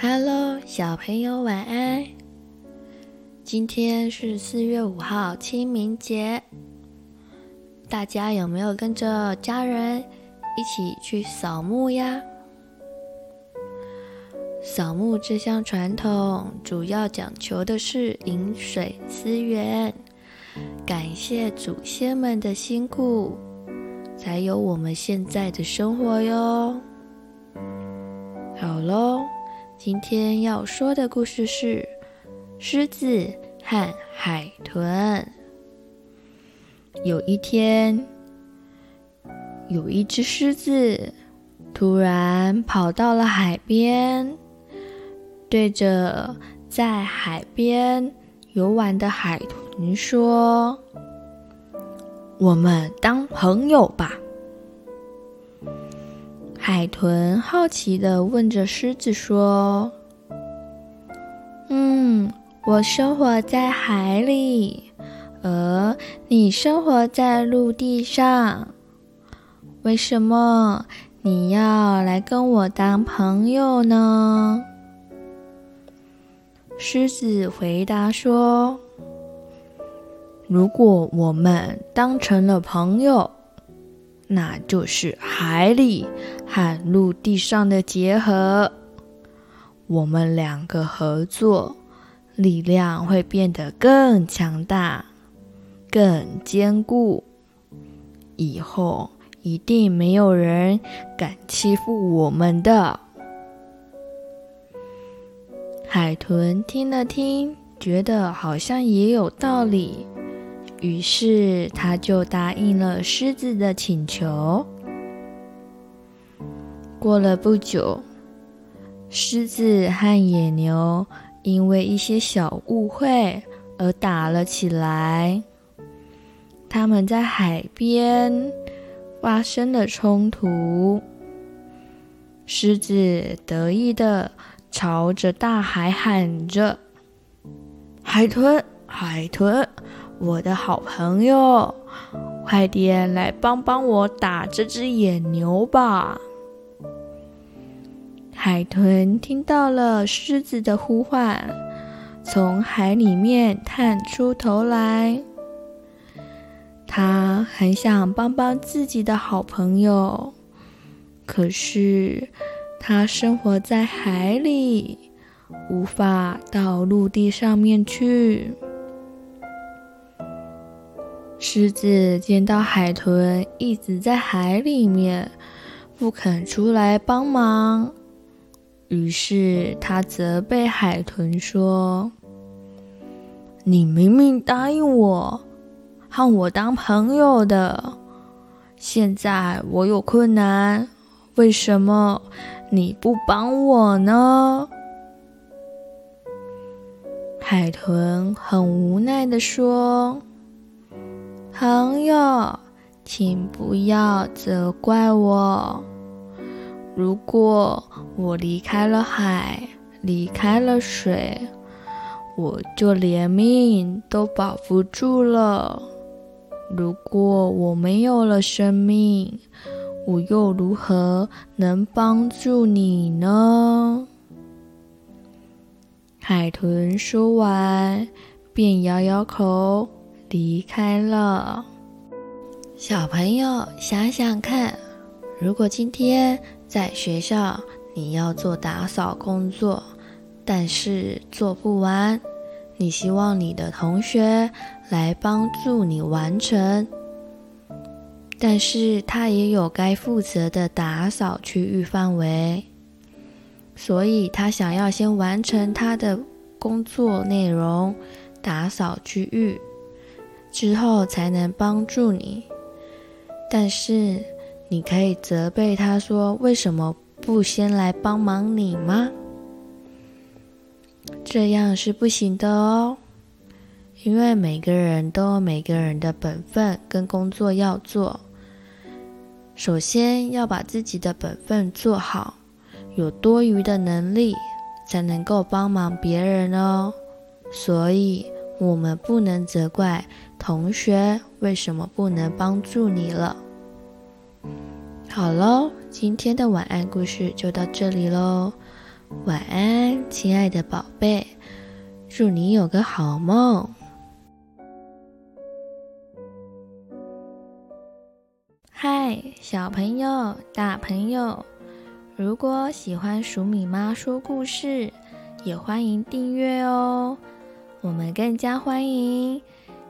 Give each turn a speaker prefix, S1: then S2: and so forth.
S1: 哈嘍，小朋友晚安。今天是四月五號，清明節。大家有沒有跟着家人一起去掃墓呀？掃墓這項傳統主要講求的是飲水思源，感謝祖先們的辛苦，才有我們現在的生活喲。好嘍。今天要說的故事是《獅子和海豚》。有一天，有一只獅子突然跑到了海邊，對着在海邊遊玩的海豚說：“我們當朋友吧。”海豚好奇的問着獅子說：“嗯，我生活在海裡，而你生活在陸地上，為什麼你要來跟我當朋友呢？”獅子回答說：“如果我們當成了朋友，”那就是海裡和陸地上的結合，我們兩個合作，力量會變得更強大、更堅固。以後一定沒有人敢欺負我們的。海豚聽了聽，覺得好像也有道理。於是，他就答應了獅子的請求。過了不久，獅子和野牛因為一些小誤會而打了起來。他們在海邊發生了衝突。獅子得意地朝着大海喊着：“海豚，海豚！”我的好朋友，快點來幫幫我打這隻野牛吧！海豚聽到了獅子的呼喚，從海裡面探出頭來。它很想幫幫自己的好朋友，可是它生活在海裡，無法到陸地上面去。獅子見到海豚一直在海裡面不肯出來幫忙，於是他責備海豚說：“你明明答應我，和我當朋友的，現在我有困難，為什麼你不幫我呢？”海豚很無奈的說。朋友，請不要責怪我。如果我離開了海，離開了水，我就連命都保不住了。如果我沒有了生命，我又如何能幫助你呢？海豚說完，便搖搖頭。離開了，小朋友想想看，如果今天在學校你要做打掃工作，但是做不完，你希望你的同學來幫助你完成，但是他也有該負責的打掃區域範圍，所以他想要先完成他的工作內容，打掃區域。之後才能幫助你，但是你可以責備他說為什麼不先來幫忙你嗎？這樣是不行的哦，因為每個人都有每個人的本分跟工作要做，首先要把自己的本分做好，有多餘的能力才能夠幫忙別人哦，所以我們不能責怪。同學，為什麼不能幫助你了？好嘍，今天的晚安故事就到這裡嘍。晚安，親愛的寶貝，祝你有個好夢。嗨，小朋友、大朋友，如果喜歡黍米媽說故事，也歡迎訂閱哦。我們更加歡迎。